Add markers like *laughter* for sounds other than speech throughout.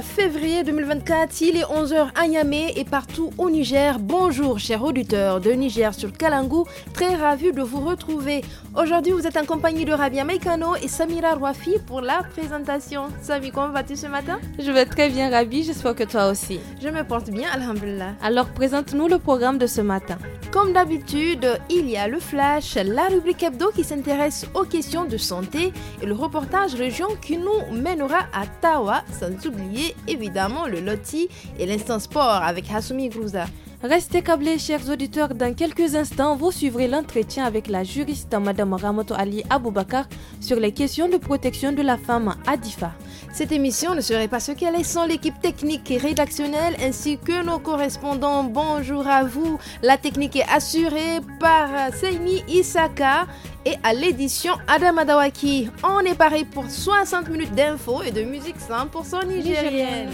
the février 2024, il est 11h à Niamey et partout au Niger. Bonjour chers auditeurs de Niger sur Kalangou, très ravi de vous retrouver. Aujourd'hui vous êtes en compagnie de Rabia Meikano et Samira Rouafi pour la présentation. Sami, comment vas-tu ce matin Je vais très bien Rabi, j'espère que toi aussi. Je me porte bien, alhamdulillah. Alors présente-nous le programme de ce matin. Comme d'habitude, il y a le flash, la rubrique hebdo qui s'intéresse aux questions de santé et le reportage région qui nous mènera à Tawa, sans oublier évidemment le loti et l'instant sport avec Hasumi Grouza. Restez câblés, chers auditeurs. Dans quelques instants, vous suivrez l'entretien avec la juriste Madame Ramoto Ali Aboubakar sur les questions de protection de la femme à Difa. Cette émission ne serait pas ce qu'elle est sans l'équipe technique et rédactionnelle ainsi que nos correspondants. Bonjour à vous. La technique est assurée par Seini Isaka et à l'édition Adam Adawaki. On est paré pour 60 minutes d'infos et de musique 100% nigérienne.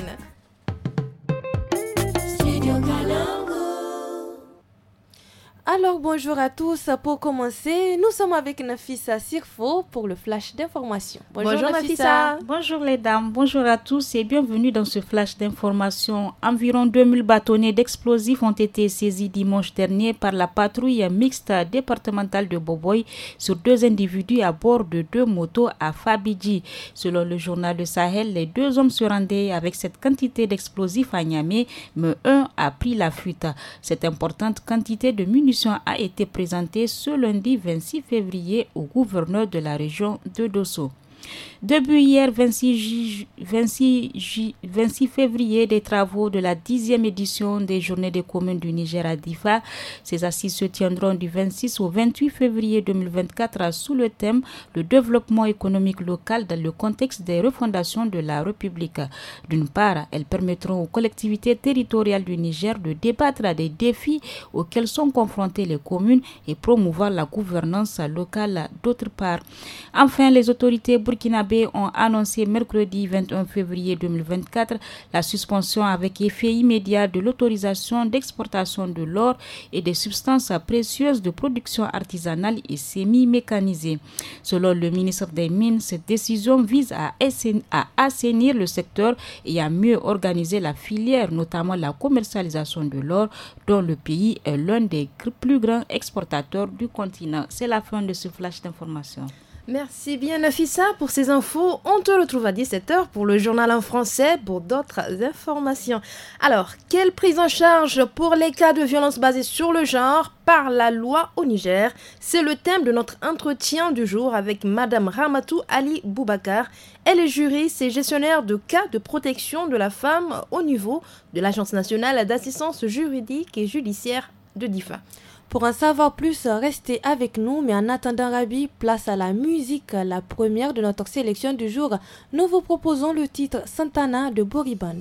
Alors bonjour à tous. Pour commencer, nous sommes avec Nafissa Sirfo pour le flash d'information. Bonjour, Bonjour les dames, bonjour à tous et bienvenue dans ce flash d'information. Environ 2000 bâtonnets d'explosifs ont été saisis dimanche dernier par la patrouille mixte départementale de Boboy sur deux individus à bord de deux motos à Fabidji. Selon le journal de Sahel, les deux hommes se rendaient avec cette quantité d'explosifs à Niamey, mais un a pris la fuite. Cette importante quantité de munitions a été présentée ce lundi 26 février au gouverneur de la région de Dosso. Depuis hier 26, février, des travaux de la dixième édition des Journées des communes du Niger à Difa. Ces assises se tiendront du 26 au 28 février 2024 sous le thème Le développement économique local dans le contexte des refondations de la République. D'une part, elles permettront aux collectivités territoriales du Niger de débattre des défis auxquels sont confrontées les communes et promouvoir la gouvernance locale. D'autre part, enfin, les autorités burkinabés ont annoncé mercredi 21 février 2024 la suspension avec effet immédiat de l'autorisation d'exportation de l'or et des substances précieuses de production artisanale et semi-mécanisée. Selon le ministre des Mines, cette décision vise à assainir le secteur et à mieux organiser la filière, notamment la commercialisation de l'or, dont le pays est l'un des plus grands exportateurs du continent. C'est la fin de ce flash d'information. Merci bien Nafissa pour ces infos. On te retrouve à 17h pour le journal en français pour d'autres informations. Alors, quelle prise en charge pour les cas de violence basée sur le genre par la loi au Niger C'est le thème de notre entretien du jour avec Madame Ramatou Ali Boubakar. Elle est juriste et gestionnaire de cas de protection de la femme au niveau de l'Agence nationale d'assistance juridique et judiciaire de DIFA. Pour en savoir plus, restez avec nous. Mais en attendant, Rabbi, place à la musique, la première de notre sélection du jour. Nous vous proposons le titre Santana de Boriband.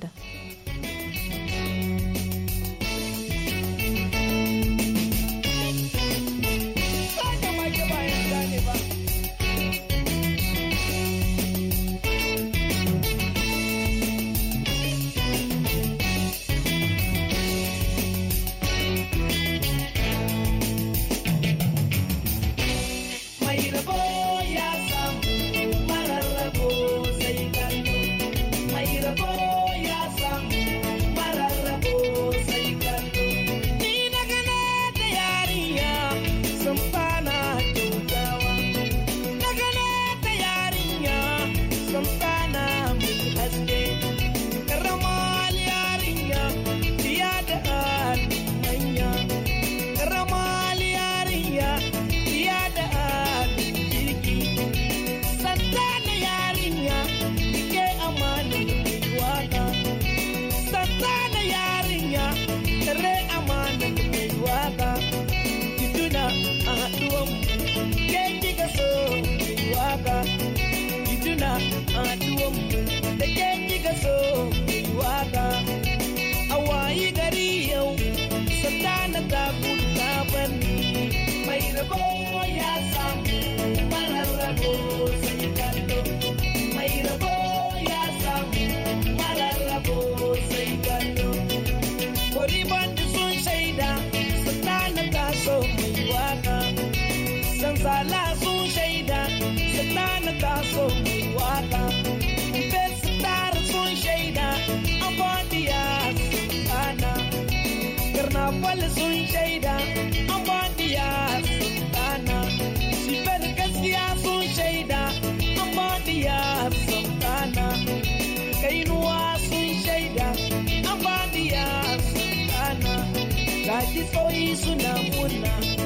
sorriso na boca.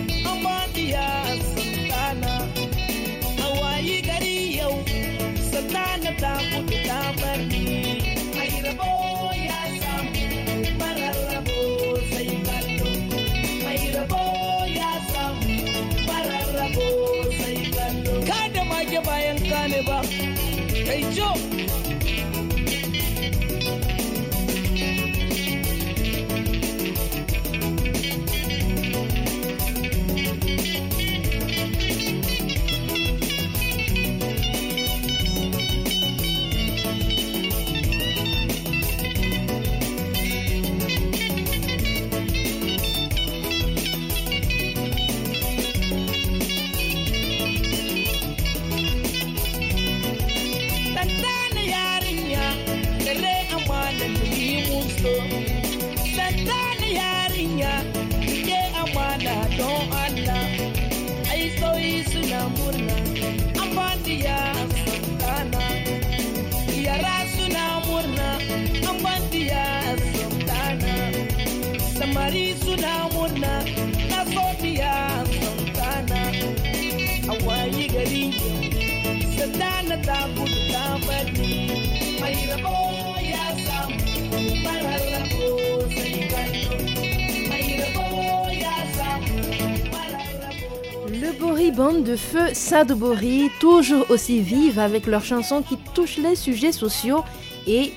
bande de feu Sadobori, toujours aussi vive avec leurs chansons qui touchent les sujets sociaux et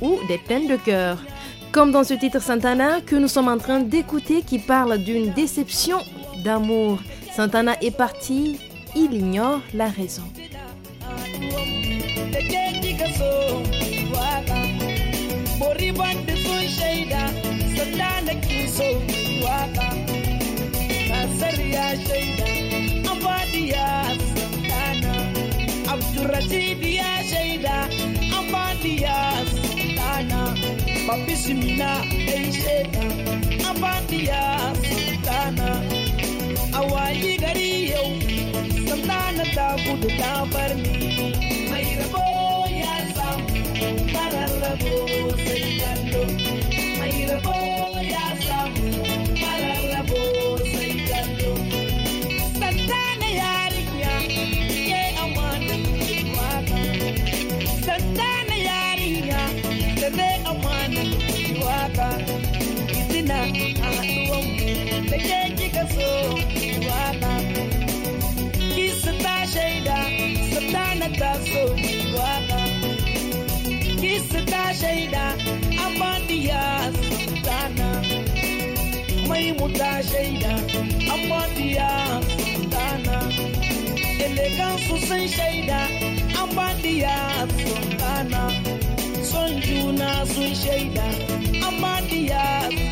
ou des peines de cœur. Comme dans ce titre Santana que nous sommes en train d'écouter qui parle d'une déception d'amour. Santana est parti, il ignore la raison. abdurrashid ya shaida ambaliya sultana babishimina ai shaida ambaliya sultana a wayi gari yau sultana ta gudu ta bar ni mai rabo ya samu marar rabo sai kallo shaida amadiya sultana maimu muta shaida amadiya sultana elegansu sun shaida amadiya sultana son juna sun shaida amadiya sultana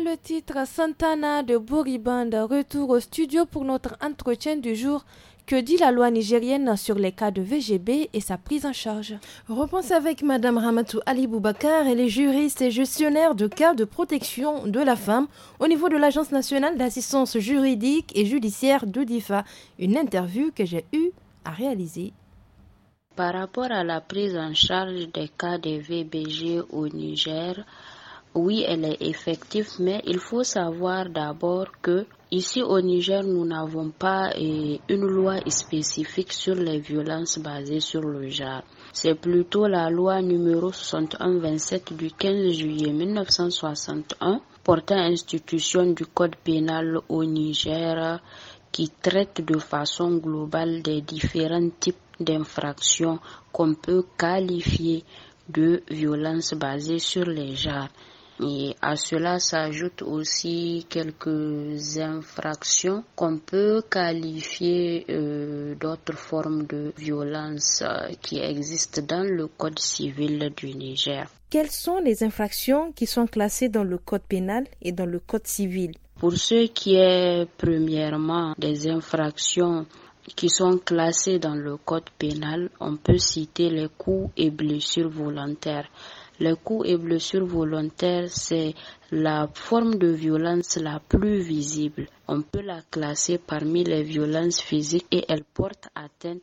le titre Santana de Boribanda. Retour au studio pour notre entretien du jour. Que dit la loi nigérienne sur les cas de VGB et sa prise en charge Repense avec Madame Ramatou Ali Boubakar, elle est juriste et gestionnaire de cas de protection de la femme au niveau de l'Agence nationale d'assistance juridique et judiciaire de Une interview que j'ai eue à réaliser par rapport à la prise en charge des cas de VBG au Niger, oui, elle est effective, mais il faut savoir d'abord que Ici au Niger, nous n'avons pas eh, une loi spécifique sur les violences basées sur le genre. C'est plutôt la loi numéro 6127 du 15 juillet 1961 portant institution du Code pénal au Niger qui traite de façon globale des différents types d'infractions qu'on peut qualifier de violences basées sur les genre. Et à cela s'ajoutent aussi quelques infractions qu'on peut qualifier euh, d'autres formes de violence euh, qui existent dans le Code civil du Niger. Quelles sont les infractions qui sont classées dans le Code pénal et dans le Code civil Pour ce qui est premièrement des infractions qui sont classées dans le Code pénal, on peut citer les coups et blessures volontaires les coups et blessures volontaires, c'est la forme de violence la plus visible. On peut la classer parmi les violences physiques et elle porte atteinte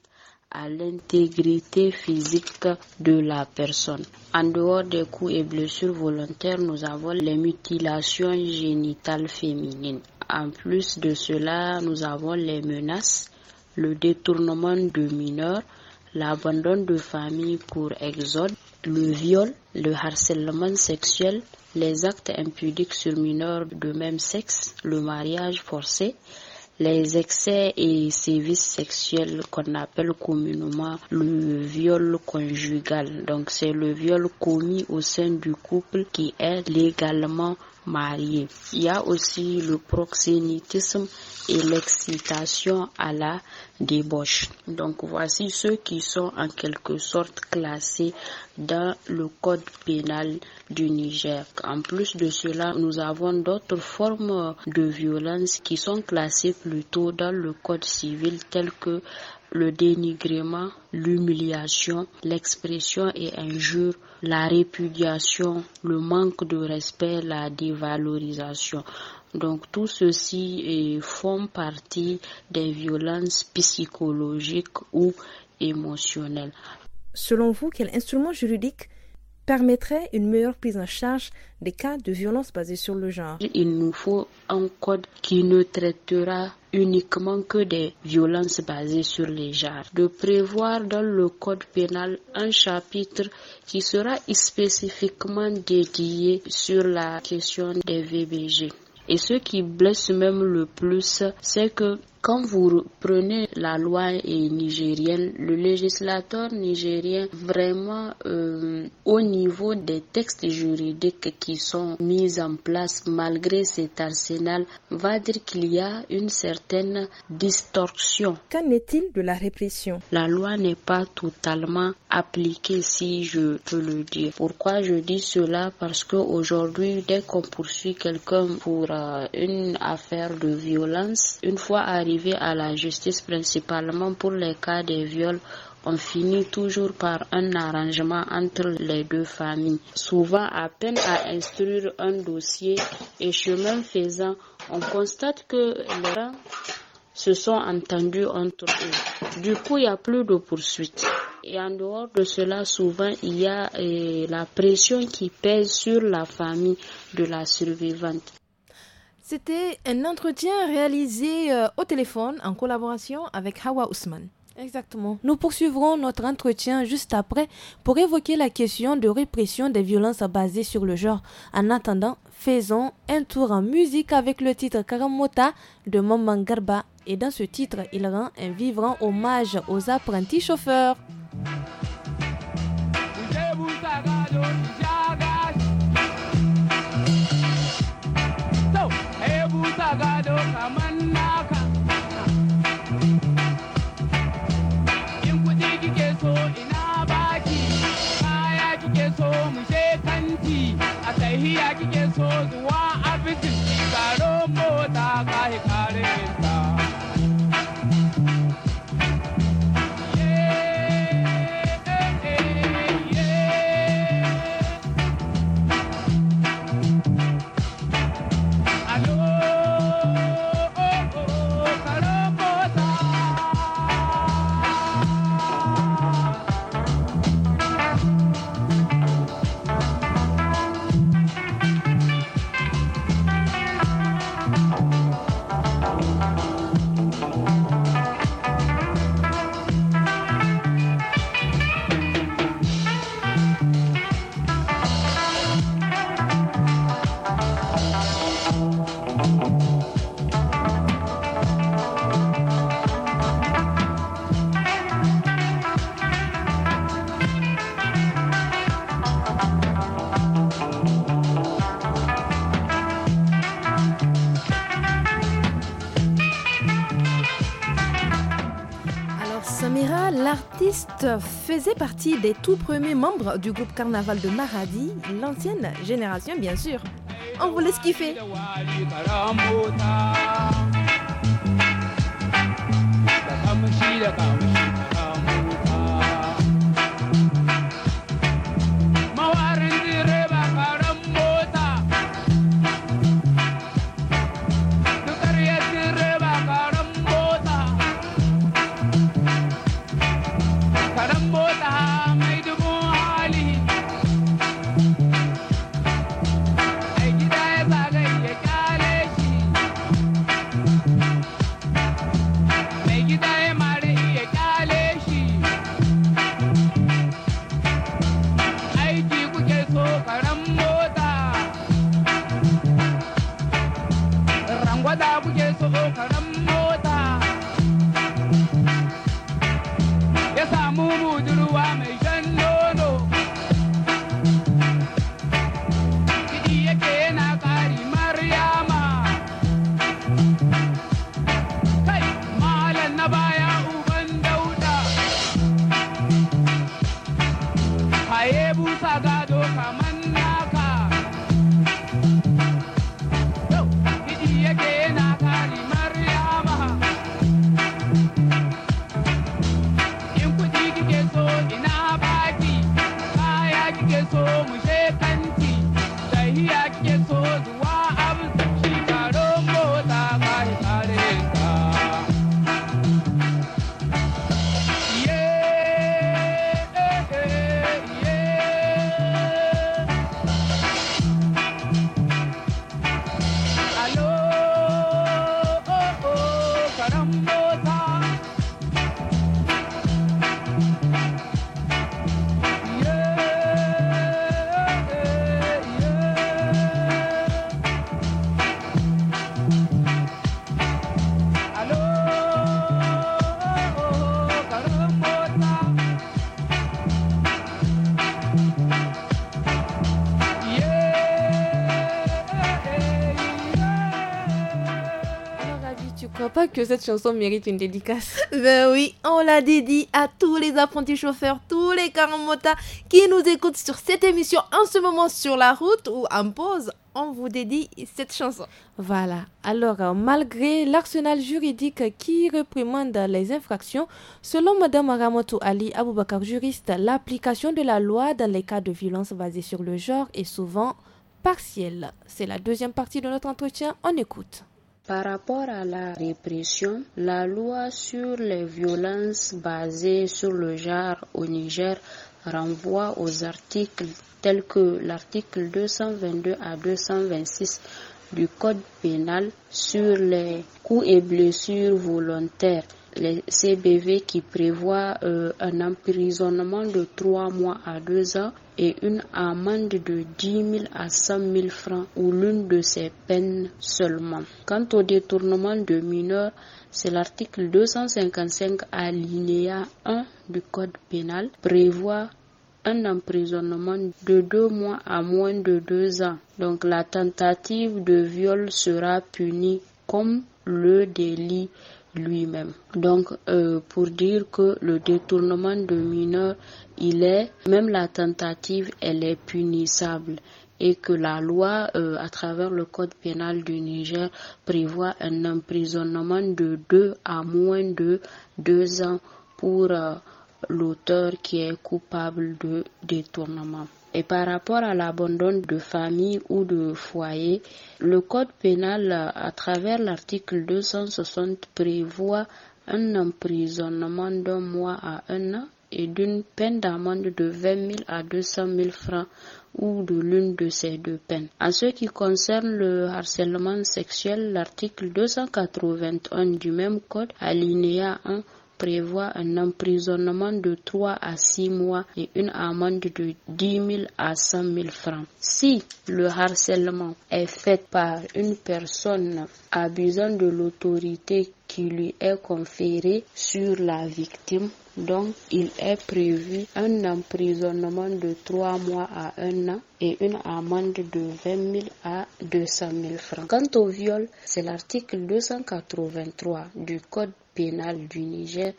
à l'intégrité physique de la personne. En dehors des coups et blessures volontaires, nous avons les mutilations génitales féminines. En plus de cela, nous avons les menaces, le détournement de mineurs, l'abandon de famille pour exode, le viol, le harcèlement sexuel, les actes impudiques sur mineurs de même sexe, le mariage forcé, les excès et sévices sexuels qu'on appelle communément le viol conjugal. Donc c'est le viol commis au sein du couple qui est légalement il y a aussi le proxénétisme et l'excitation à la débauche. Donc voici ceux qui sont en quelque sorte classés dans le code pénal du Niger. En plus de cela, nous avons d'autres formes de violence qui sont classées plutôt dans le code civil tel que le dénigrement, l'humiliation, l'expression et injure, la répudiation, le manque de respect, la dévalorisation. Donc tout ceci font partie des violences psychologiques ou émotionnelles. Selon vous, quel instrument juridique permettrait une meilleure prise en charge des cas de violence basée sur le genre. Il nous faut un code qui ne traitera uniquement que des violences basées sur les genres, de prévoir dans le code pénal un chapitre qui sera spécifiquement dédié sur la question des VBG. Et ce qui blesse même le plus, c'est que quand vous prenez la loi nigérienne, le législateur nigérien vraiment euh, au niveau des textes juridiques qui sont mis en place malgré cet arsenal va dire qu'il y a une certaine distorsion. Qu'en est-il de la répression La loi n'est pas totalement appliquée si je peux le dire. Pourquoi je dis cela Parce que aujourd'hui, dès qu'on poursuit quelqu'un pour euh, une affaire de violence, une fois à à la justice principalement pour les cas de viols on finit toujours par un arrangement entre les deux familles. Souvent à peine à instruire un dossier et chemin faisant, on constate que les gens se sont entendus entre eux. Du coup, il n'y a plus de poursuite. Et en dehors de cela, souvent, il y a eh, la pression qui pèse sur la famille de la survivante. C'était un entretien réalisé euh, au téléphone en collaboration avec Hawa Ousmane. Exactement. Nous poursuivrons notre entretien juste après pour évoquer la question de répression des violences basées sur le genre. En attendant, faisons un tour en musique avec le titre Karamota de Maman Garba. Et dans ce titre, il rend un vivant hommage aux apprentis chauffeurs. faisait partie des tout premiers membres du groupe Carnaval de Maradi, l'ancienne génération bien sûr. On voulait laisse kiffer. pas que cette chanson mérite une dédicace. *laughs* Ben oui, on la dédie à tous les apprentis chauffeurs, tous les caramotas qui nous écoutent sur cette émission en ce moment sur la route ou en pause. On vous dédie cette chanson. Voilà. Alors, euh, malgré l'arsenal juridique qui réprimande les infractions, selon Mme Ramoto Ali Aboubakar, juriste, l'application de la loi dans les cas de violence basée sur le genre est souvent partielle. C'est la deuxième partie de notre entretien. On écoute. Par rapport à la répression, la loi sur les violences basées sur le genre au Niger renvoie aux articles tels que l'article 222 à 226 du Code pénal sur les coups et blessures volontaires les CBV qui prévoient euh, un emprisonnement de 3 mois à 2 ans et une amende de 10 000 à 100 000 francs ou l'une de ces peines seulement. Quant au détournement de mineurs, c'est l'article 255 alinéa 1 du Code pénal prévoit un emprisonnement de 2 mois à moins de 2 ans. Donc la tentative de viol sera punie comme le délit lui-même. Donc, euh, pour dire que le détournement de mineurs, il est, même la tentative, elle est punissable et que la loi, euh, à travers le code pénal du Niger, prévoit un emprisonnement de 2 à moins de 2 ans pour euh, l'auteur qui est coupable de détournement. Et par rapport à l'abandon de famille ou de foyer, le Code pénal, euh, à travers l'article 260, prévoit un emprisonnement d'un mois à un an et d'une peine d'amende de 20 000 à 200 000 francs ou de l'une de ces deux peines. En ce qui concerne le harcèlement sexuel, l'article 281 du même code, alinéa 1, prévoit un emprisonnement de 3 à 6 mois et une amende de 10 000 à 100 000 francs. Si le harcèlement est fait par une personne abusant de l'autorité qui lui est conférée sur la victime, donc, il est prévu un emprisonnement de 3 mois à 1 an et une amende de 20 000 à 200 000 francs. Quant au viol, c'est l'article 283 du Code pénale du Niger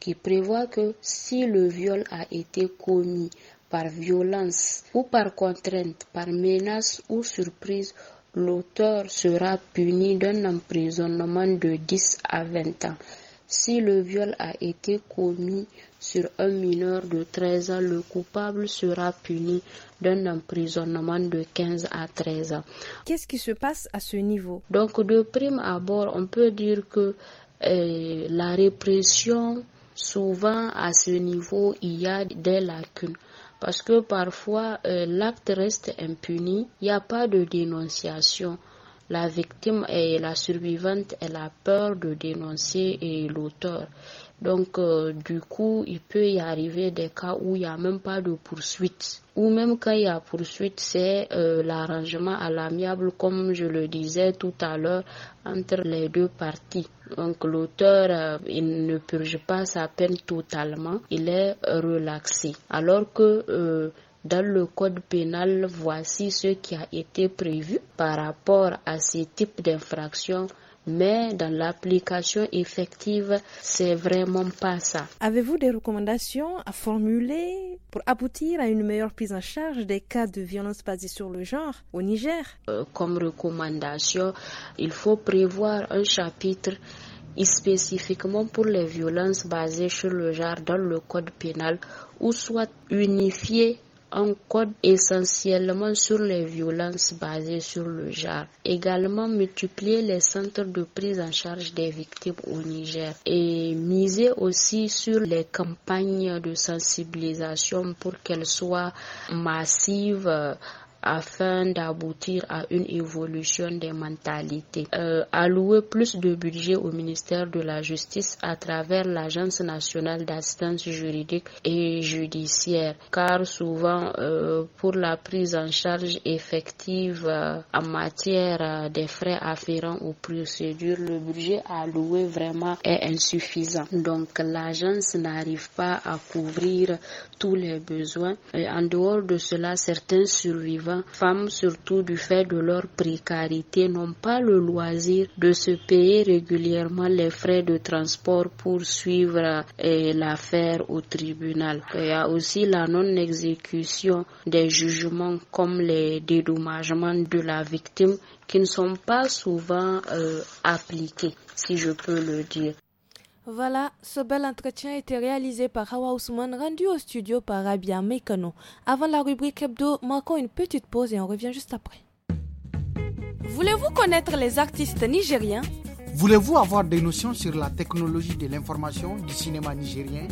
qui prévoit que si le viol a été commis par violence ou par contrainte, par menace ou surprise, l'auteur sera puni d'un emprisonnement de 10 à 20 ans. Si le viol a été commis sur un mineur de 13 ans, le coupable sera puni d'un emprisonnement de 15 à 13 ans. Qu'est-ce qui se passe à ce niveau Donc de prime abord, on peut dire que la répression, souvent à ce niveau, il y a des lacunes. Parce que parfois, euh, l'acte reste impuni, il n'y a pas de dénonciation. La victime et la survivante, elle a peur de dénoncer l'auteur. Donc, euh, du coup, il peut y arriver des cas où il n'y a même pas de poursuite. Ou même quand il y a poursuite, c'est euh, l'arrangement à l'amiable, comme je le disais tout à l'heure, entre les deux parties. Donc, l'auteur, euh, il ne purge pas sa peine totalement, il est relaxé. Alors que dans le code pénal, voici ce qui a été prévu par rapport à ces types d'infractions mais dans l'application effective, c'est vraiment pas ça. Avez-vous des recommandations à formuler pour aboutir à une meilleure prise en charge des cas de violence basée sur le genre au Niger euh, Comme recommandation, il faut prévoir un chapitre spécifiquement pour les violences basées sur le genre dans le code pénal ou soit unifier un code essentiellement sur les violences basées sur le genre. Également multiplier les centres de prise en charge des victimes au Niger et miser aussi sur les campagnes de sensibilisation pour qu'elles soient massives euh, afin d'aboutir à une évolution des mentalités. Euh, allouer plus de budget au ministère de la Justice à travers l'Agence nationale d'assistance juridique et judiciaire, car souvent euh, pour la prise en charge effective euh, en matière des frais afférents aux procédures, le budget alloué vraiment est insuffisant. Donc l'agence n'arrive pas à couvrir tous les besoins. Et en dehors de cela, certains survivants femmes, surtout du fait de leur précarité, n'ont pas le loisir de se payer régulièrement les frais de transport pour suivre eh, l'affaire au tribunal. Il y a aussi la non-exécution des jugements comme les dédommagements de la victime qui ne sont pas souvent euh, appliqués, si je peux le dire. Voilà, ce bel entretien a été réalisé par Hawa Ousmane, rendu au studio par Rabia Mekano. Avant la rubrique hebdo, marquons une petite pause et on revient juste après. Voulez-vous connaître les artistes nigériens Voulez-vous avoir des notions sur la technologie de l'information du cinéma nigérien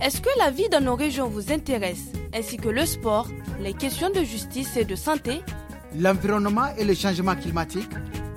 Est-ce que la vie dans nos régions vous intéresse, ainsi que le sport, les questions de justice et de santé L'environnement et le changement climatique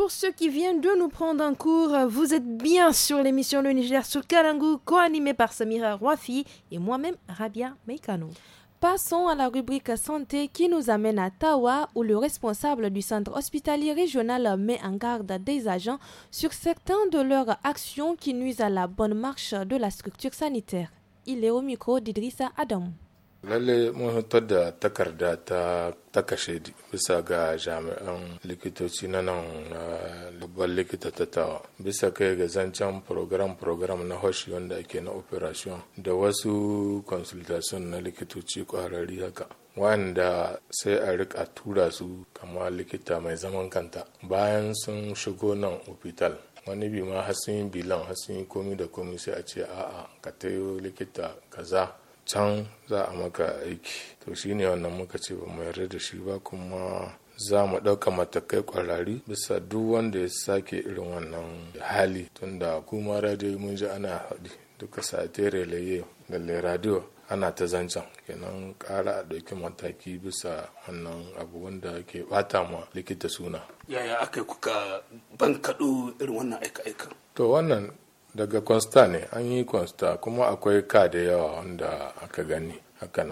Pour ceux qui viennent de nous prendre en cours, vous êtes bien sur l'émission Le Niger sur Kalangu, co-animée par Samira Rouafi et moi-même Rabia Meikano. Passons à la rubrique santé qui nous amène à Tawa où le responsable du centre hospitalier régional met en garde des agents sur certains de leurs actions qui nuisent à la bonne marche de la structure sanitaire. Il est au micro d'Idrissa Adam. lalle mun hitar da takarda ta takashe bisa ga jami'an likitoci na nan eh, babban likita ta tawa bisa kai ga zancen program-program na hoshi wanda ake na operation da wasu consultation na likitoci kwararri haka wanda sai a rika tura su kama likita mai zaman kanta bayan sun shigo nan ofital wani bi ma har bilan har komi da komi sai a ce a'a ka tayo likita kaza can za a maka aiki to shine wannan muka ce ba mu yarda da shi ba kuma za mu ɗauka matakai kwarari bisa duk wanda ya sake irin wannan hali tunda kuma radiyo mun ji ana haɗi duka sati relaye da radio ana ta zancen kenan ƙara a ɗauki mataki bisa wannan abu wanda ke ɓata ma likita suna yaya aka kuka ban kaɗo irin wannan aika-aika to wannan daga consta ne an yi consta kuma akwai ka da yawa wanda aka gani haka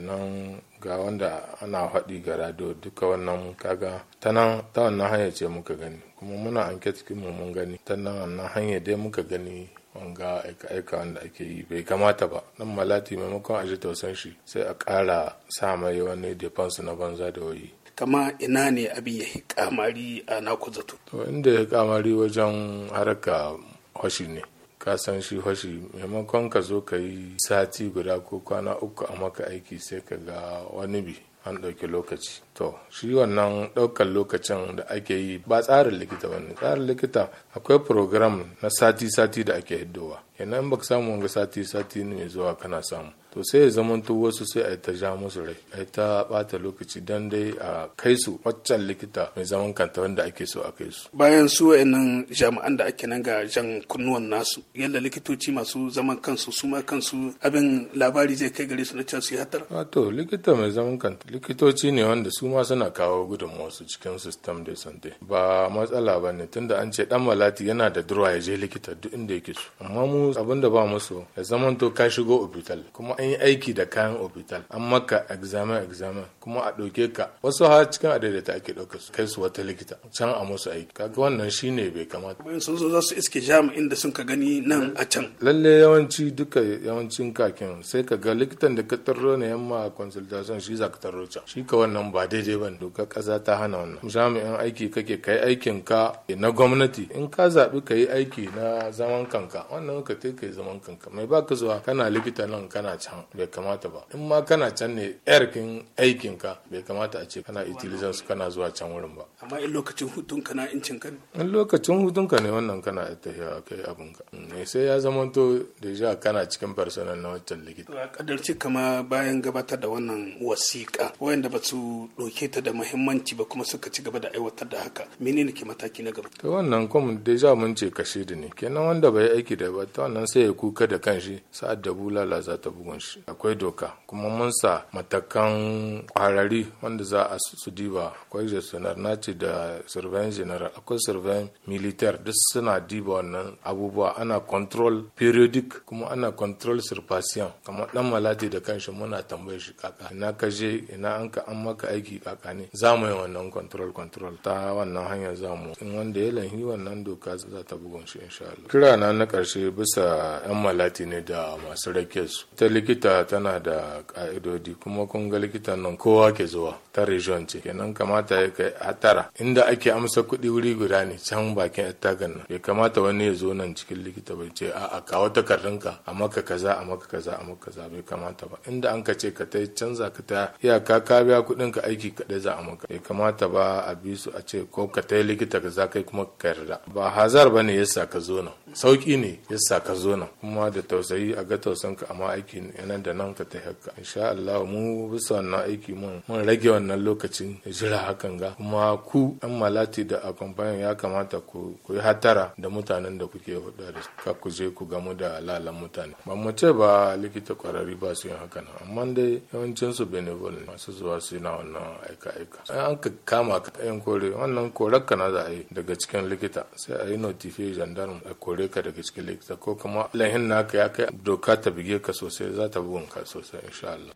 nan ga wanda ana haɗi ga rado duka wannan kaga ta nan ta wannan hanyar ce muka gani kuma muna an anke cikin mummun mun gani ta nan wannan hanyar dai muka gani wanga aika-aika wanda ake yi bai kamata ba nan malati maimakon a ji tausan shi sai a ƙara sa mai wani defansu na banza da wayi kama ina ne abin ya kamari a nakuzatu to inda ya kamari wajen haraka hoshi ne ka san shi hoshi maimakon ka zo ka yi sati guda ko kwana uku a maka aiki sai ka ga wani bi an ɗauki lokaci to shi wannan ɗaukar lokacin da ake yi ba tsarin likita wani tsarin likita akwai program na sati-sati da ake hiddowa yanayin baka samu wanga sati-sati ne zuwa kana samu to sai ya zamanto wasu sai a ta ja musu rai a ta bata lokaci don dai a kai su waccan likita mai zaman kanta wanda ake so a kai su bayan su wayannan jami'an da ake nan ga jan kunnuwan nasu yadda likitoci masu zaman kansu su ma kansu abin labari zai kai gare su na can su yi hatar to likita mai zaman kanta likitoci ne wanda su su ma suna kawo wasu cikin system da sante ba matsala ba ne tunda an ce dan malati yana da durwa ya je likita duk inda yake so amma mu abin da ba musu ya zaman to ka shigo hospital kuma an yi aiki da kayan hospital an maka examen examen kuma a doke ka wasu har cikin adaidaita ake ɗauka su kai su wata likita can a musu aiki kaga wannan shine bai kamata bayan sun zo za su iske jami'in da sun ka gani nan a can lalle yawanci duka yawancin kakin sai ka ga likitan da ka tarro ne yamma consultation shi za ka tarro can shi ka wannan ba dai daidai ban doka kasa ta hana wannan yan aiki kake kai aikin ka na gwamnati in ka zaɓi ka yi aiki na zaman kanka wannan ka te ka zaman kanka mai baka zuwa kana likita nan kana can bai kamata ba in ma kana can ne yarkin aikin ka bai kamata a ce kana itilizan su kana zuwa can wurin ba amma in lokacin hutun kana cin ka in lokacin hutun ka ne wannan kana tafiya kai abin ka sai ya zamanto deja kana cikin personal na wancan likita kadarci kama bayan gabatar da wannan wasiƙa wayanda ba su ɗauke ta da muhimmanci ba kuma suka ci gaba da aiwatar da haka menene ke mataki na gaba to wannan kuma dai mun ce kashe da ne kenan wanda bai aiki da ba ta wannan sai ya kuka da kanshi sa'ad da bulala za ta bugun shi akwai doka kuma mun sa matakan kwarari wanda za a su diba akwai gestionar nace da surveillance general akwai surveillance militar duk suna diba wannan abubuwa ana control periodic kuma ana control surpassion kamar dan malati da kanshi muna tambayar shi kaka ina ka je ina an ka an maka aiki aiki kaka za mu yi wannan control control ta wannan hanyar za mu in wanda ya lahi wannan doka za ta bugun shi insha Allah kira na na karshe bisa yan malati ne da masu rake su ta likita tana da ka'idodi kuma kun ga likitan nan kowa ke zuwa ta region ce kenan kamata ya kai tara inda ake amsa kuɗi wuri guda ne can bakin attagan nan bai kamata wani ya zo nan cikin likita bai ce a'a kawo takardunka a maka kaza a maka kaza a maka kaza bai kamata ba inda an ka ce ka ta canza ka ta iyaka ka biya kuɗin ka aiki aiki kaɗai za a maka ya kamata ba a bi su a ce ko ka tai likita ka za kai kuma ka yarda ba hazar ba ne ya sa ka zo nan sauki ne ya sa ka zo nan kuma da tausayi a ga tausan ka amma aiki nan da nan ka ta haka insha Allah mu bisa wannan aiki mun mun rage wannan lokacin jira hakan ga kuma ku an malati da akwamfayan ya kamata ku yi hatara da mutanen da kuke hudu da ka ku je ku gamu da lalan mutane ba mu ce ba likita kwararri ba su yin hakan amma dai yawancin su benevolent masu zuwa su na wannan aika-aika an ka kama ka yan kore wannan korar ka na za a yi daga cikin likita sai a yi notifiye gendarme a kore ka daga cikin likita ko kuma lahin naka ya kai doka ta bige ka sosai za ta bugun ka sosai insha Allah.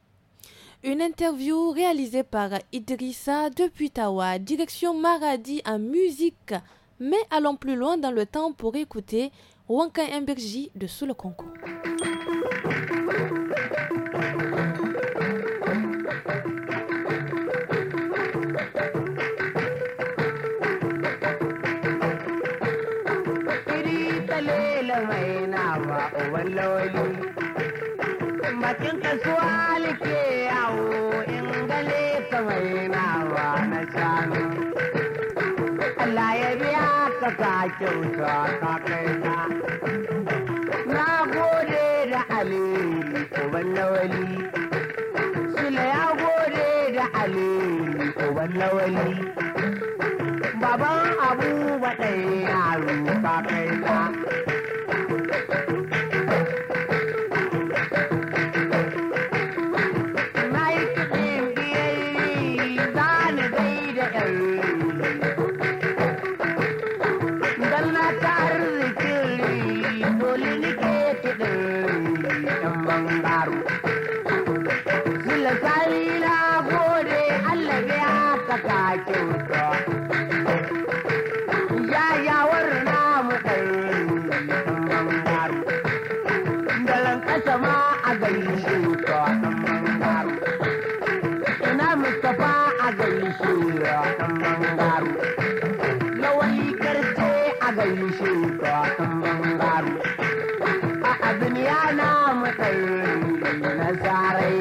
Une interview réalisée par Idrissa depuis Tawa, direction Maradi en musique. Mais allons plus loin dans le temps pour écouter Wanka Mberji de Sous le Concours. kasuwa ke yawo in gale ta mai nawa na shanu. Allah ya biya ka ka kyauta ta kai na. Na gode da alheri uban lawali. Sule ya gode da alheri uban lawali. Baban abu waɗai yaro ka kai na. நசாரை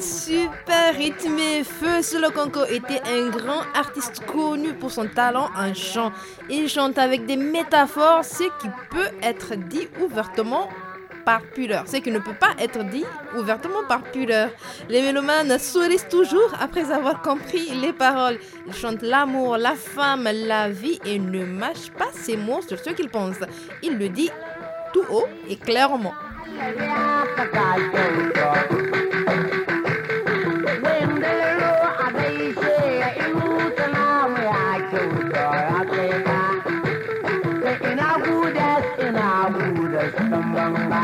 super rythmée. Feu Solokonko était un grand artiste connu pour son talent en chant. Il chante avec des métaphores, ce qui peut être dit ouvertement par Puller, ce qui ne peut pas être dit ouvertement par Puller. Les mélomanes sourient toujours après avoir compris les paroles. Ils chantent l'amour, la femme, la vie et ne mâche pas ses mots sur ce qu'ils pensent. Il le dit tout haut et clairement.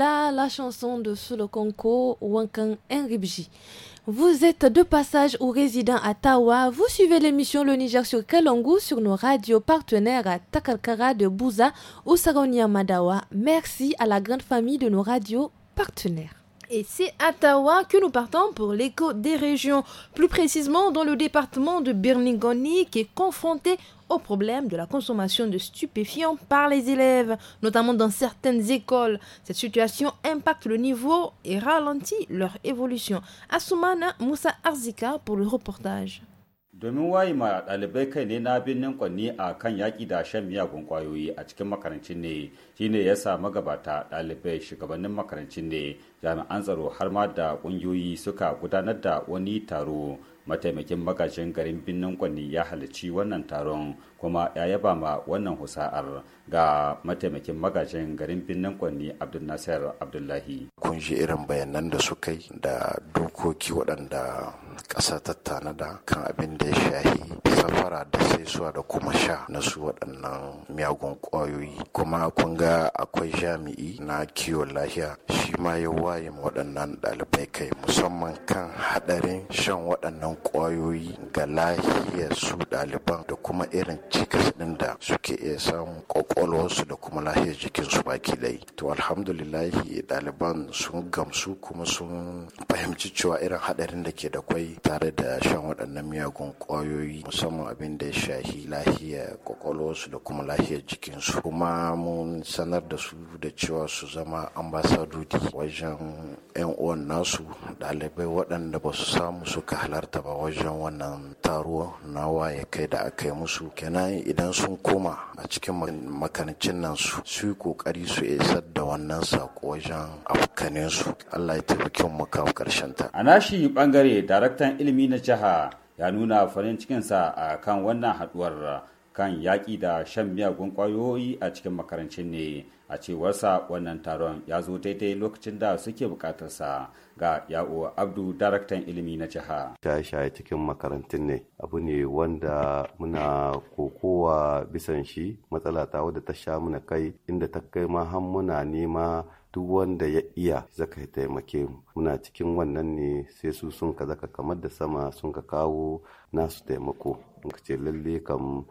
la chanson de Sulokonko Wankan Enribji. Vous êtes de passage ou résident à Tawa. Vous suivez l'émission Le Niger sur Kalongu sur nos radios partenaires à Takalkara de Bouza ou Saronia Madawa. Merci à la grande famille de nos radios partenaires et c'est à Tawa que nous partons pour l'écho des régions, plus précisément dans le département de Birnigoni qui est confronté au problème de la consommation de stupéfiants par les élèves, notamment dans certaines écoles. Cette situation impacte le niveau et ralentit leur évolution. Assoumana Moussa Arzika pour le reportage. domin waye ma ɗalibai kai ne na birnin kwanni a kan yaƙi da shan miyagun kwayoyi a cikin makarancin ne shine ya sa magabata ɗalibai shugabannin makarancin ne jami'an tsaro har ma da ƙungiyoyi suka gudanar da wani taro mataimakin magajin garin birnin kwanni ya halarci wannan taron kuma ya yaba ma wannan husa'ar ga mataimakin magajin garin birnin kwanni abdul nasir abdullahi kun ji irin bayanan da suka yi da dokoki waɗanda ƙasa ta da kan abin da ya shahi safara da sai suwa da kuma sha na su waɗannan miyagun ƙwayoyi kuma kun ga akwai jami'i na kiwon lahiya shi ma ya waye waɗannan ɗalibai kai musamman kan haɗarin shan waɗannan ƙwayoyi ga lahiyar su ɗaliban da kuma irin cikas ɗin da suke iya samun ƙwaƙwa kwakwalwarsu da kuma lahiyar jikinsu baki dai to alhamdulillahi ɗaliban sun gamsu kuma sun fahimci cewa irin haɗarin da ke da kwai tare da shan waɗannan miyagun ƙwayoyi musamman abin da ya shahi lahiyar kwakwalwarsu da kuma lahiyar jikinsu kuma mun sanar da su da cewa su zama ambasadodi wajen 'yan uwan nasu ɗalibai waɗanda ba su samu suka halarta ba wajen wannan taruwa na waye kai da aka yi musu kenan idan sun koma a cikin makarancin nan su su yi kokari su isar da wannan sako wajen abokanin su Allah ya taimake mu kawo karshen ta a nashi bangare daraktan ilimi na jiha ya nuna farin cikin sa a kan wannan haduwar kan yaƙi da shan miyagun ƙwayoyi a cikin makarancin ne a cewarsa wannan taron ya zo daidai lokacin da suke buƙatarsa ga yawo abdu daraktan ilimi na jiha shaye-shaye cikin makarantun ne abu ne wanda muna kokowa bisan shi matsala ta wadda ta sha muna kai inda ta kai ma har muna nema duk wanda ya iya zaka taimake mu muna cikin wannan ne sai su sun ka zaka kamar da sama sun ka kawo nasu taimako ce lalle kam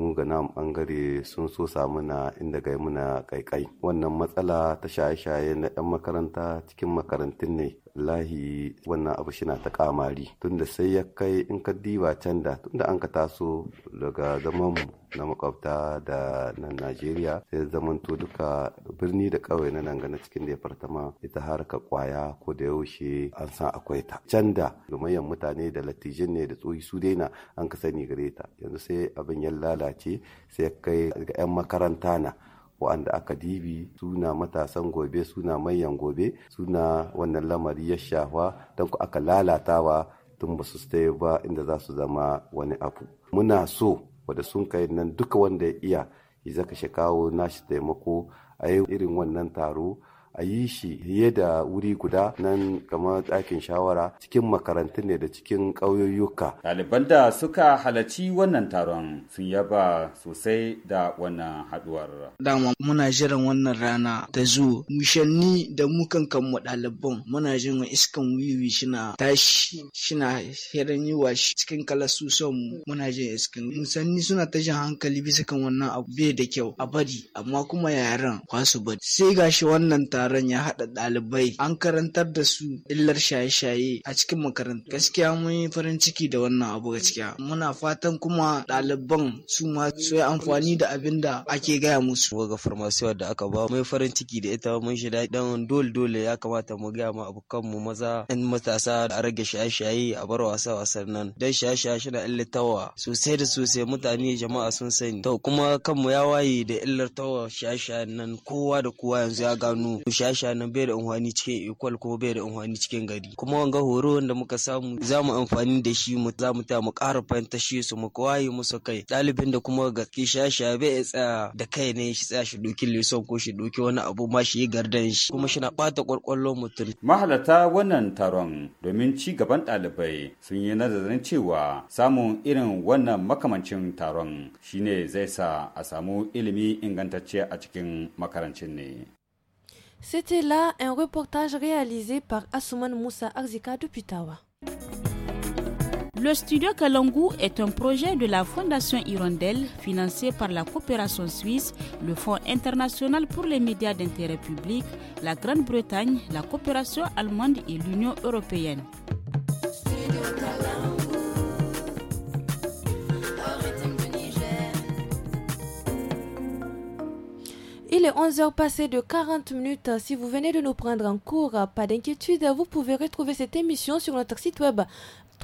muga ga nan bangare sun so samu na inda gai muna kaikai wannan matsala ta shaye-shaye na 'yan makaranta cikin makarantun ne lahi wannan abu shi na ta kamari tunda sai ya kai in ka diba can da tunda an ka taso daga zaman na makwabta da nan Najeriya sai zamanto duka birni da kawai na nan na cikin departama ita har ka kwaya ko da yaushe an san akwai ta can da lumayan mutane da latijin ne da tsohi su daina an ka sani gare ta yanzu sai abin ya lalace sai ya kai ga 'yan makaranta na wa'anda aka dibi suna matasan gobe suna manyan gobe suna wannan lamari ya shafa don ku aka lalatawa tun ba su ba inda za su zama wani abu muna so wadda sun kai nan duka wanda ya iya ya zaka shi kawo nashi taimako a yi irin wannan taro a yi shi fiye da wuri guda nan kamar ɗakin shawara cikin makarantun ne da cikin ƙauyoyuka. Ɗaliban da suka halarci wannan taron sun yaba sosai da wannan haɗuwar. Dama muna jiran wannan rana ta zo mushanni da mukan kanmu ɗaliban muna jin iskan wiwi shina tashi shina hirin yiwa cikin kalasu son muna jin iskan musanni suna tashin hankali bisa kan wannan abu bai da kyau a bari amma kuma yaran kwasu bari sai gashi wannan taron taron ya haɗa ɗalibai an karantar da su illar shaye-shaye a cikin makarantu gaskiya mun yi farin ciki da wannan abu gaskiya muna fatan kuma ɗaliban su ma su yi amfani da abin da ake gaya musu ga farmasiya da aka ba mai farin ciki da ita mun shi dan dole dole ya kamata mu gaya ma abokan mu maza yan matasa a rage shaye-shaye a bar wasa wasan nan dan shaye-shaye shi na illatawa sosai da sosai mutane jama'a sun sani to kuma kanmu ya waye da illar tawa shaye shaye nan kowa da kowa yanzu ya gano shasha na bai da amfani cikin ikwal ko bai da amfani cikin gari kuma wanga horo wanda muka samu za mu amfani da shi mu za mu ta mu ƙara fahimta shi su mu kwaye musu kai ɗalibin da kuma gaske shasha bai ya tsaya da kai ne shi tsaya shi ɗauki leson ko shi ɗauki wani abu ma shi yi gardan shi kuma shi na ɓata ƙwarƙwallon mutum. mahalata wannan taron domin ci gaban ɗalibai sun yi nazarin cewa samun irin wannan makamancin taron shine zai sa a samu ilimi ingantacce a cikin makarancin ne. C'était là un reportage réalisé par Asuman Moussa Arzika de Putawa. Le studio Kalangu est un projet de la Fondation Hirondelle financé par la coopération suisse, le Fonds international pour les médias d'intérêt public, la Grande-Bretagne, la coopération allemande et l'Union européenne. Il est 11h passé de 40 minutes. Si vous venez de nous prendre en cours, pas d'inquiétude, vous pouvez retrouver cette émission sur notre site web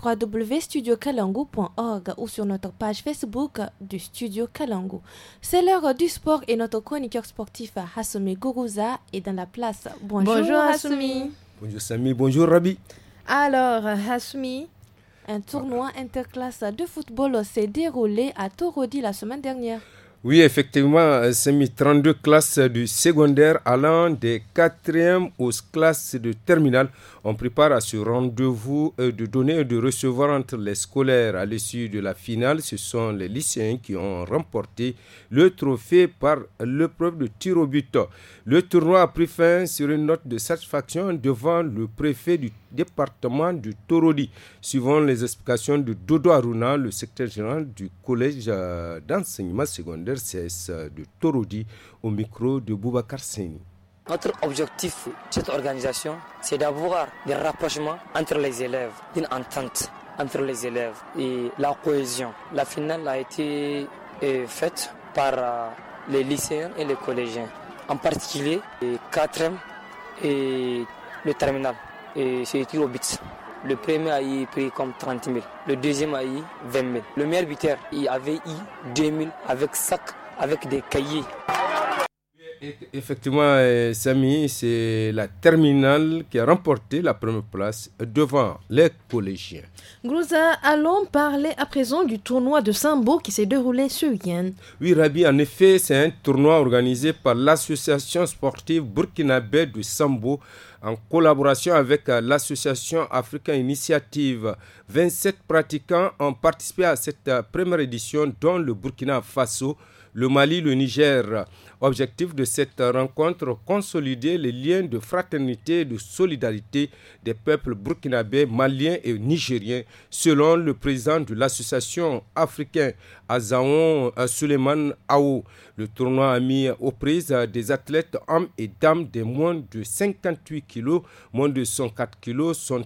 www.studiocalango.org ou sur notre page Facebook du Studio Kalangu. C'est l'heure du sport et notre chroniqueur sportif Hasumi Gourouza est dans la place. Bonjour, bonjour Hassoumi. Bonjour Sami. bonjour Rabi. Alors Hassoumi, un tournoi interclasse de football s'est déroulé à Torodi la semaine dernière. Oui, effectivement, c'est mis 32 classes du secondaire allant des 4e aux classes de terminale on prépare à ce rendez-vous euh, de donner et de recevoir entre les scolaires à l'issue de la finale. Ce sont les lycéens qui ont remporté le trophée par l'épreuve de tir au Le tournoi a pris fin sur une note de satisfaction devant le préfet du département du Torodi. Suivant les explications de Dodo Aruna, le secrétaire général du collège euh, d'enseignement secondaire CS euh, de Torodi, au micro de Boubacar Seni. Notre objectif, cette organisation, c'est d'avoir des rapprochements entre les élèves, une entente entre les élèves et la cohésion. La finale a été euh, faite par euh, les lycéens et les collégiens, en particulier les 4e et le terminal. Et c'est au Le premier a eu pris comme 30 000. Le deuxième a eu 20 000. Le meilleur buteur, il avait eu 2 000 avec sac, avec des cahiers Effectivement, euh, Samy, c'est la terminale qui a remporté la première place devant les collégiens. nous allons parler à présent du tournoi de Sambo qui s'est déroulé ce week-end. Oui, Rabi, en effet, c'est un tournoi organisé par l'association sportive burkinabé du Sambo en collaboration avec euh, l'association Africa Initiative. 27 pratiquants ont participé à cette euh, première édition, dont le Burkina Faso, le Mali, le Niger. Objectif de cette rencontre, consolider les liens de fraternité et de solidarité des peuples burkinabés, maliens et nigériens, selon le président de l'association africaine Azaon euh, Suleiman Aou. Le tournoi a mis aux prises des athlètes hommes et dames de moins de 58 kg, moins de 104 kg,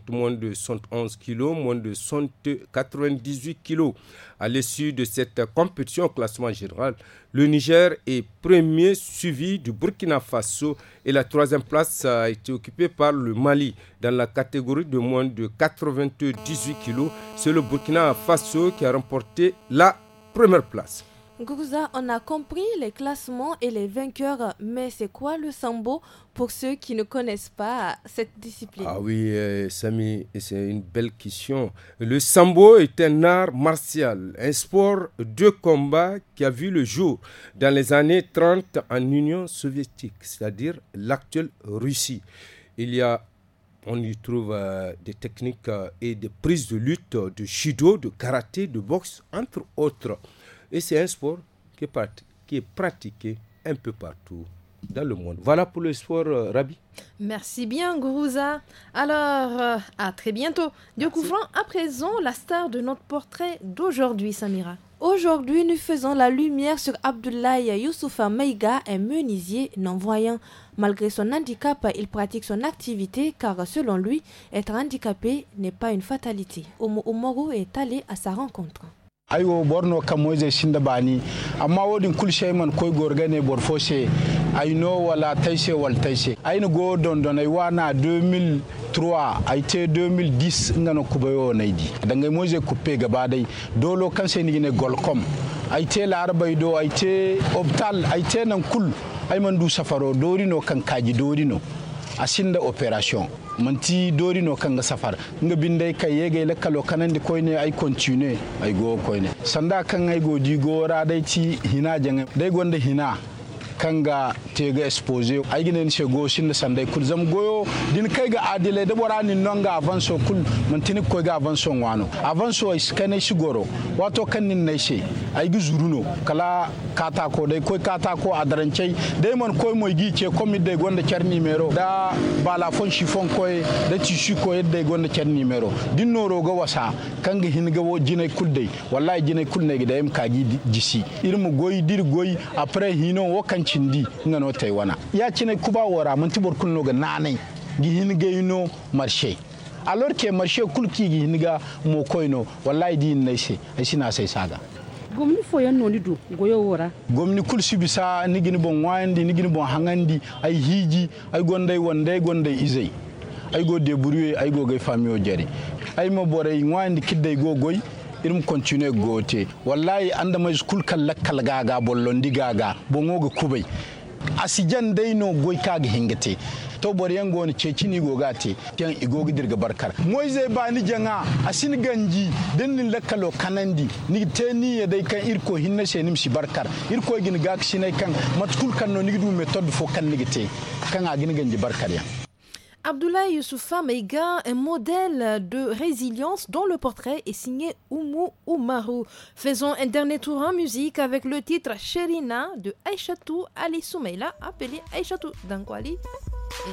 moins de 111 kg, moins de 198 kg. À l'issue de cette compétition au classement général, le Niger est premier suivi du Burkina Faso et la troisième place a été occupée par le Mali. Dans la catégorie de moins de 98 kilos, kg, c'est le Burkina Faso qui a remporté la première place. Gouza, on a compris les classements et les vainqueurs, mais c'est quoi le sambo pour ceux qui ne connaissent pas cette discipline Ah oui, euh, Samy, c'est une belle question. Le sambo est un art martial, un sport de combat qui a vu le jour dans les années 30 en Union soviétique, c'est-à-dire l'actuelle Russie. Il y a on y trouve euh, des techniques euh, et des prises de lutte, de judo, de karaté, de boxe, entre autres. Et c'est un sport qui est, pratiqué un peu partout dans le monde. Voilà pour le sport, euh, Rabi. Merci bien, Gourouza. Alors, euh, à très bientôt. Découvrons à présent la star de notre portrait d'aujourd'hui, Samira. Aujourd'hui, nous faisons la lumière sur Abdoulaye Youssoufa Meiga, un menuisier non-voyant. Malgré son handicap, il pratique son activité car, selon lui, être handicapé n'est pas une fatalité. Omo est allé à sa rencontre. ayo borno kam moje shinda bani amma wodin kul shayman koy ne bor foshe ayno wala taishe wal tayshe aini go don don ay wana 2003 ay te 2010 ngano kubayo naydi dangay moje coupe gaba dai dolo kan sey ne golcom ay te larbay do ay te hôpital ay te nan kul ay man du safaro dorino kan kaji dorino a da operation manti dori no ga safar nga binde kay yegay le kalo kanandi koyne ay continue ay go koyne sanda kan ay go di go ra dai ci hina jange dai gonda hina Kan ga tega expose aiginen ce go sinna sandai kul zam goyo din kai ga adile da borani ga avanso kul mantini ko ga avanso wano avanso shi shigoro wato kan kannin nai se aigi zuruno kala kata ko dai ko kata ko adarance dai man ko moy gi ce komi dai gonda cer mero da bala fon koi da tishu ko dai gonda cer mero din noro ga wasa kan ga hinga wo jinai kul dai wallahi jinai kul ne ga dai kagi jisi irmu goyi dir goyi apre hino wo kan chindi nga no taiwana ya chine kuba wora mun tibor kunno ga nanai gihin gaino marshe alors que marshe kulki gihin ga mo koyno wallahi din nay a ai sina sai saga gomni foyan noni do goyo wora gomni kul bisa ni gini bon wandi ni gini bon hangandi ay hiji ay gondai wonday gondai izai ay go de buruwe ay go gay famiyo jari ay mo bore ngwandi kidde go goy irin continue gote wallahi da mai school kala kala gaga bollondi gaga ga kubai asijan dai no goy kaga hingate to bor yan goni cecini gogate ken igogi dirga barkar moy zai bani janga asin ganji dinnin lakkalo kanandi ni te ni ya dai kan irko hinna shenim shi barkar irko gin gak shinai kan matkul kan no du method fo kan gite kan a gin ganji barkar ya Abdoulaye Youssoufa Meiga, un modèle de résilience dont le portrait est signé Oumu Oumarou. Faisons un dernier tour en musique avec le titre Sherina de Aïchatou Ali Soumeila, appelé Aïchatou Dangwali. et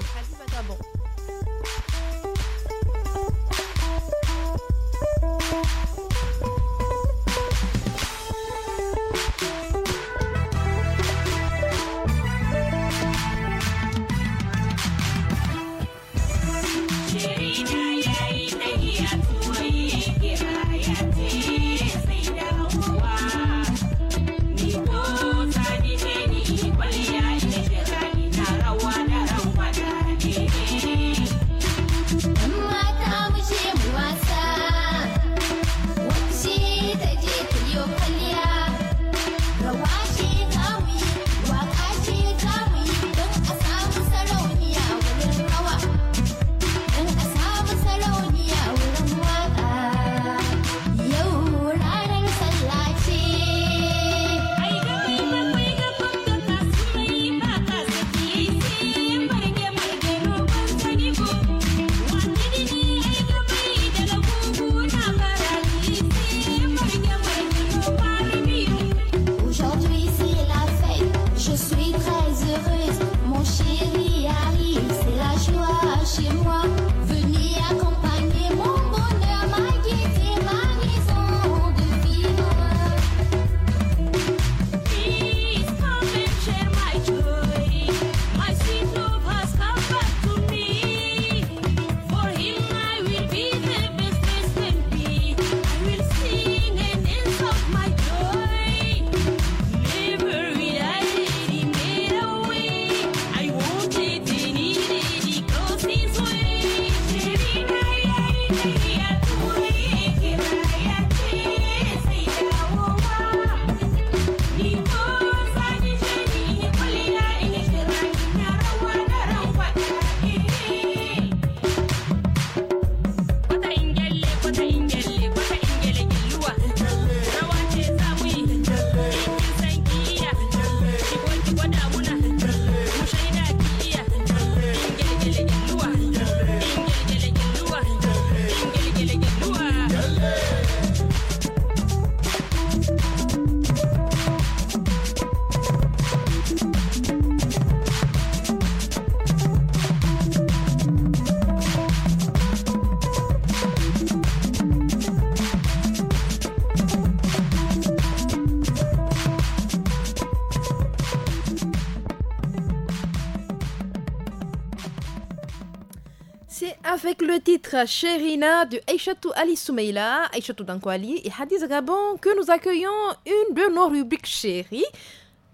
titre Sherina de Aishatou Ali Soumeila, Aishatou Dankwali et Hadiz Gabon que nous accueillons une de nos rubriques chérie.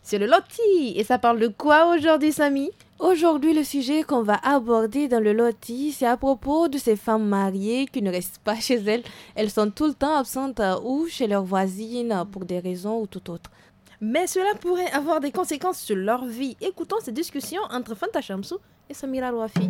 C'est le loti. Et ça parle de quoi aujourd'hui, Sami Aujourd'hui, le sujet qu'on va aborder dans le loti, c'est à propos de ces femmes mariées qui ne restent pas chez elles. Elles sont tout le temps absentes ou chez leurs voisines pour des raisons ou tout autre. Mais cela pourrait avoir des conséquences sur leur vie. Écoutons ces discussions entre Fanta Shamsou et Samira Rouafi.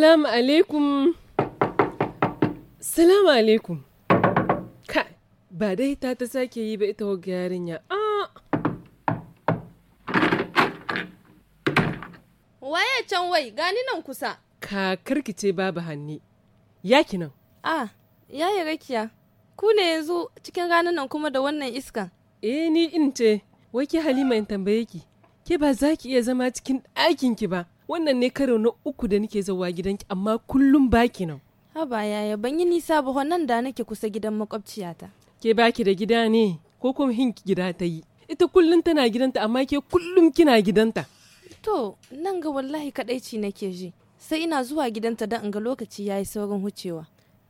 Salamu alaikum. Salamu alaikum. Ka, ba dai ta ta sake yi ba ita wagga yarinya. Ah. Waye can wai gani nan kusa. Ka karkice babu hanni. Ya nan. Ah, ya yi rakiya. Ku ne yanzu cikin ranar nan kuma da wannan iska. Eh ni in ce, wai ke Halima in tambaye ki. Ke ba za ki iya zama cikin ɗakin ki ba. wannan ne karo na uku da nake zauwa gidanki amma kullum baki nan haba yaya ban yi nisa ba wannan da nake kusa gidan makwabciyata ke baki da gida ne ko kuma hin gida ta yi ita kullum tana gidanta amma ke kullum kina gidanta to nan ga wallahi kadaici nake ji sai ina zuwa gidanta don in ga lokaci yayi saurin hucewa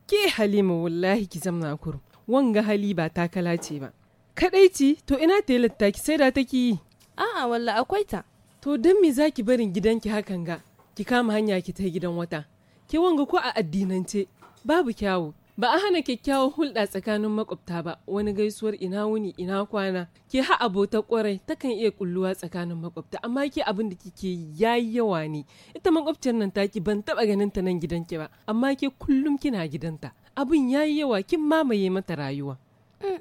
ke halima wallahi ki zamna kurum wanga hali ba takala ce ba kadaici to ina ta yi ki sai da take yi a'a wallahi akwai ta to don me za zaki barin gidanki hakan ga ki kama hanya ki ta gidan wata ki wanga ko a addinance babu kyawu ba a hana kyakkyawar hulɗa tsakanin makwabta ba wani gaisuwar ina wuni ina kwana ke ha abota kwarai takan iya kulluwa tsakanin makwabta amma ke abin da kike yayi yawa ne ita makwabciyar nan taki ban taɓa ganin ta nan gidanki ba amma ke kullum kina gidanta abin yayi yawa kin mamaye mata rayuwa mm.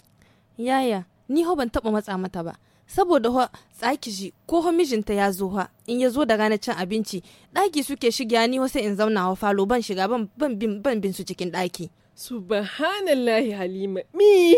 yaya ni ho ban taɓa matsa mata ba saboda fa tsaki shi ko mijinta ya zo ha in ya zo da ranar cin abinci ɗaki suke shiga ni sai in zauna wa falo ban shiga ban bin ban bin su cikin ɗaki. subhanallahi halima mi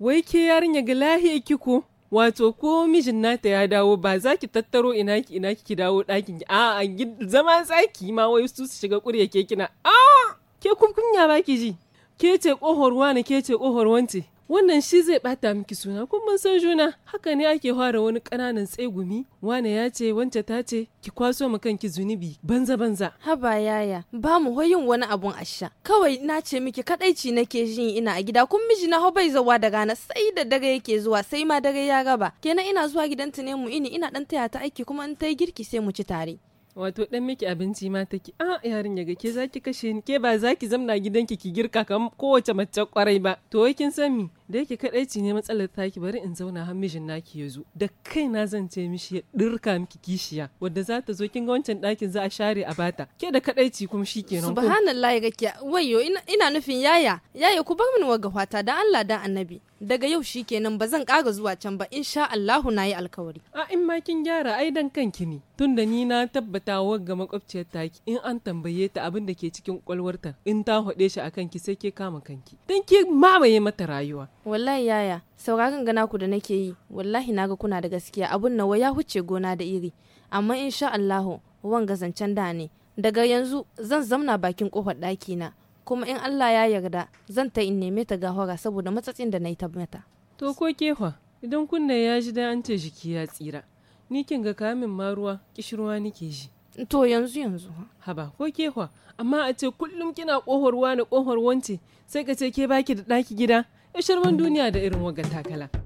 wai ke yarinya ga lahiya kiko wato ko mijin nata ya dawo ba za ki tattaro ina ki ina ki dawo ɗakin a a zama tsaki ma wai su su shiga ƙurya ke kina a ke kun kunya ba ki ji ke ce ƙohorwa na ke ce ƙohorwance wannan shi zai bata miki suna kun mun san juna haka ne ake fara wani kananan tsegumi wane ya ce wance ta ce ki kwaso ma kanki zunubi banza banza haba yaya ba mu hoyin wani abun asha kawai na ce miki kadaici nake jin ina a gida kun miji na bai zawa da rana sai da dare yake zuwa sai ma dare ya gaba kenan ina zuwa gidanta ne mu ini ina dan taya ta aiki kuma in ta yi girki sai mu ci tare wato dan miki abinci ma take a yarin yaga ke zaki kashe ni ke ba zaki zamna gidanki ki girka kam kowace mace kwarai ba to kin san da yake kadaici ne matsalar taki bari in zauna har mijin naki ya zo da kai na zan ce mishi ya dirka miki kishiya wadda za ta zo kin ga wancan dakin za a share a bata ke da kadaici kuma shikenan ya gakiya wayo ina nufin yaya yaya ku bar min waga fata dan Allah dan annabi daga yau shikenan ba zan ƙara zuwa can ba insha na yi alkawari a in ma kin gyara ai dan kanki ne tunda ni na tabbata wagga makwabciyar taki in an tambaye ta abin da ke cikin kwalwarta in ta hode shi akan ki sai ke kama kanki dan ki mamaye mata rayuwa wallahi yaya sauraron gana ku da nake yi wallahi naga kuna da gaskiya abun nawa ya huce gona da iri amma insha Allahu wan gazancen da ne daga yanzu zan zamna bakin kofar ɗaki na kuma in Allah ya yarda zan ta in neme ta gahora saboda matsatsin da na yi ta mata to ko kefa idan kunna ya ji dai an ce jiki ya tsira ni kin ga kamin ma kishirwa nake ji to yanzu yanzu haba ko kefa amma a ce kullum kina kohorwa na kohor wance sai ka ce ke baki da ɗaki gida shirman duniya da irin wagan takala.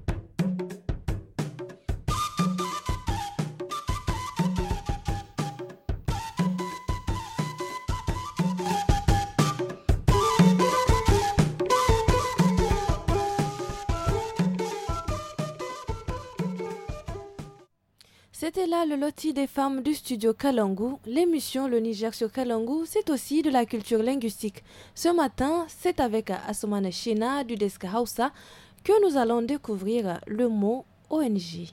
C'est là le loti des femmes du studio Kalangu. L'émission Le Niger sur Kalangu, c'est aussi de la culture linguistique. Ce matin, c'est avec Asumane Shina du Desk Hausa que nous allons découvrir le mot ONG.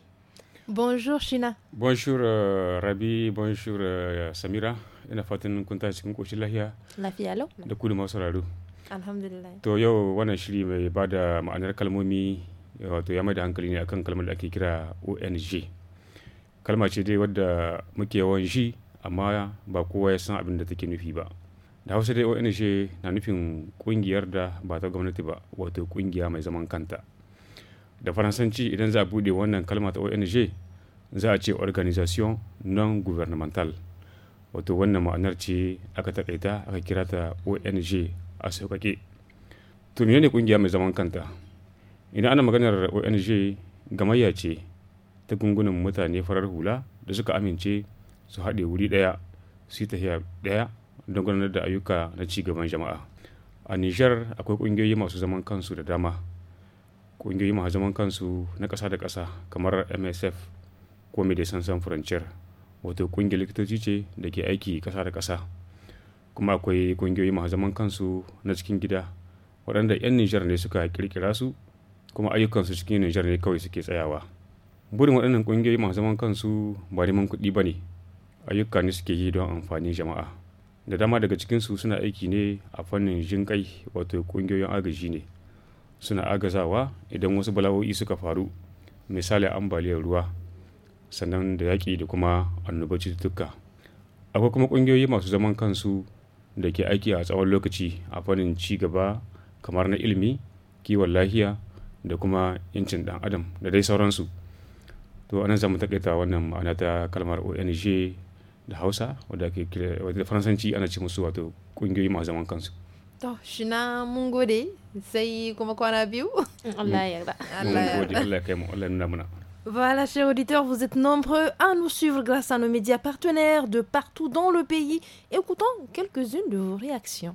Bonjour Shina. Bonjour euh, Rabi, bonjour euh, Samira. Ina fatan kun tashi kun koshi lafiya. Lafiya lau. Da ku masu sauraro. Alhamdulillah. To yau wannan shiri mai bada ma'anar kalmomi wato ya mai da hankali ne akan kalmar da ONG. kalma ce dai wadda muke yawan shi amma ba kowa ya san abin da take nufi ba da hausa dai ong na nufin kungiyar da ba ta gwamnati ba wato kungiya mai zaman kanta da faransanci idan za a bude wannan kalma ta ong za a ce organisation non gouvernemental wato wannan ma'anar ce aka takaita aka kira ta ong a sauƙaƙe to ne kungiya mai zaman kanta idan ana maganar ong gamayya ce ta gungunan mutane farar hula da suka amince su haɗe wuri ɗaya su yi tafiya ɗaya don gudanar da ayyuka na ci gaban jama'a a nijar akwai ƙungiyoyi masu zaman kansu da dama ƙungiyoyi masu zaman kansu na ƙasa da ƙasa kamar msf ko da sansan frontier wato ƙungiyar likitoci ce da ke aiki ƙasa da ƙasa kuma akwai ƙungiyoyi masu zaman kansu na cikin gida waɗanda 'yan nijar ne suka ƙirƙira su kuma ayyukansu cikin nijar ne kawai suke tsayawa burin waɗannan ƙungiyoyi masu zaman kansu ba neman kuɗi ba ne ayyuka ne suke yi don amfanin jama'a da dama daga cikinsu suna aiki ne a fannin jin kai wato ƙungiyoyin agaji ne suna agazawa idan wasu bala'o'i suka faru misali ambaliyar ruwa sannan da yaƙi da kuma annobar cututtuka akwai kuma ƙungiyoyi masu zaman kansu da ke aiki a tsawon lokaci a fannin ci gaba kamar na ilimi kiwon lahiya da kuma 'yancin ɗan adam da dai sauransu to anan zamu takaita wannan ma'ana ta kalmar ONG da Hausa wadda ake kira Faransanci ana ce musu wato kungiyoyi masu zaman kansu to shina mun gode sai kuma kwana biyu Allah ya yarda Allah ya yarda Allah ya kai mu Allah nuna muna Voilà, chers auditeurs, vous êtes nombreux à nous suivre grâce à nos médias partenaires de partout dans le pays. Écoutons quelques-unes de vos réactions.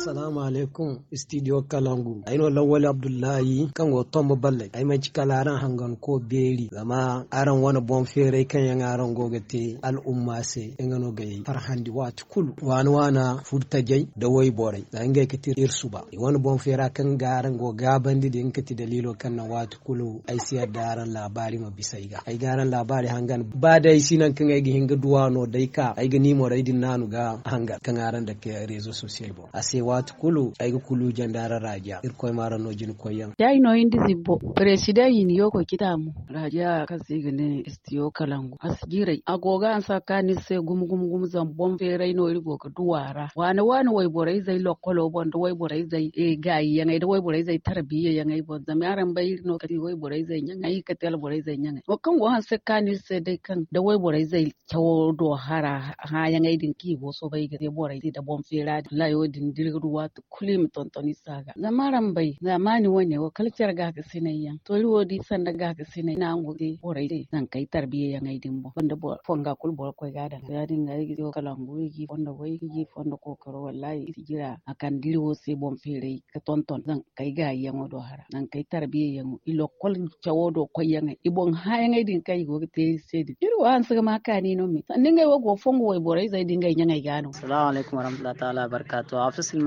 assalamu alaikum studio kalangu no lawali abdullahi kan go tombo balle ayi ma ci kalaran hangan ko beri zama aran wani bon fere kan yan aran gogate al umma se engano gay farhandi wat kul wani wana furta jay da way boray da ngay kiti yi wani bon fere kan garan go gabandi din kiti dalilo kan na wat kulu ay siya daran labari ma bisai ga ay garan labari hangan ba dai sinan kan ay hinga duwano dai ka ay ga nimo dai nanu ga hangan kan aran da ke rezo social bo ase watu kulu aiga kulu jandara raja irkoy maran no jin koyan dai no indi zibbo president yin yoko kitamu raja kasigine istiyo kalangu asigirai agoga an sakani se gum gum gum zambon ferai no irgo ka duwara wani wani wai borai zai lokolo bon da wai borai zai e gayi yangai da wai borai zai tarbiyya yangai bon zamaran bai no kati wai borai zai yangai ka tel borai zai yangai o kan gohan sakani se dai kan da wai borai zai kyawo do hara ha yangai din ki bo so bai ga borai da bon fera la yo din dirgo ruwatu kulim tontoni saga zamaran bai zamani wane wa kalcar ga ga sinai yan to ruwo di sanda ga ga ya sinai na ngoge borai dai nan kai tarbiya yan ai dimbo wanda bo fonga kul bo ko ga dan ya dinga yi kala kalangu yi fonda bo yi fonda ko karo wallahi jira akan dirwo sai bom fere ka tonton nan kai ga yan wado hara nan kai tarbiye yan ilo kol chawodo ko yan ibon ha yan ai din kai go te di ruwa an suka maka ni no mi wo go fongo wai borai zai dinga yan ai gano assalamu alaikum warahmatullahi ta'ala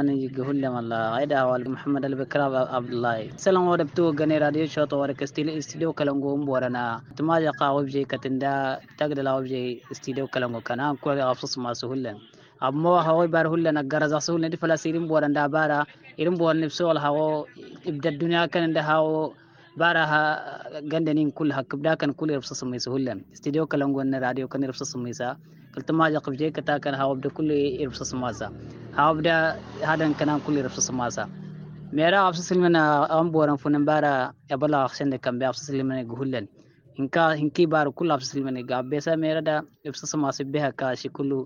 mani gahulle malla ayda wal muhammad al bakra abdullahi salam wada to gane radio show to wada kastil studio kalango mborana tuma ya qa wabje katinda tagdala wabje studio kalango kana ko ga afsus masu hullen amma hawo bar hullen agaraza su hullen di falasirin boranda bara irin borne so al hawo ibda dunya kan da hawo baraha gandanin kul hakbda kan kul irfsa samaysa hullan studio kalangwana radio kan irfsa samaysa kaltama ja qabjay kata kan hawabda kul irfsa samasa hawabda hadan kanan kul irfsa samasa mera afsa silmana amboran funan bara abala akhshan kan bi afsa silmana gullan inka inki bar kul afsa silmana gabbesa mera da irfsa samasa biha ka shi kullu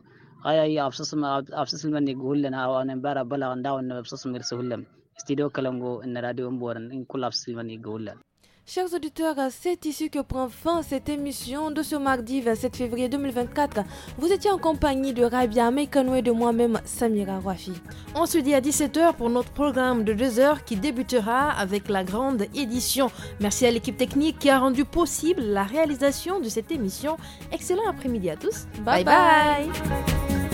aya ya afsa sama afsa silmana gullan awana bara bala ndawana afsa samirsa hullan Studio radio collapse, Chers auditeurs, c'est ici que prend fin cette émission de ce mardi 27 février 2024. Vous étiez en compagnie de Rabia Mekano et de moi-même, Samira Rafi. On se dit à 17h pour notre programme de 2 heures qui débutera avec la grande édition. Merci à l'équipe technique qui a rendu possible la réalisation de cette émission. Excellent après-midi à tous. bye. bye.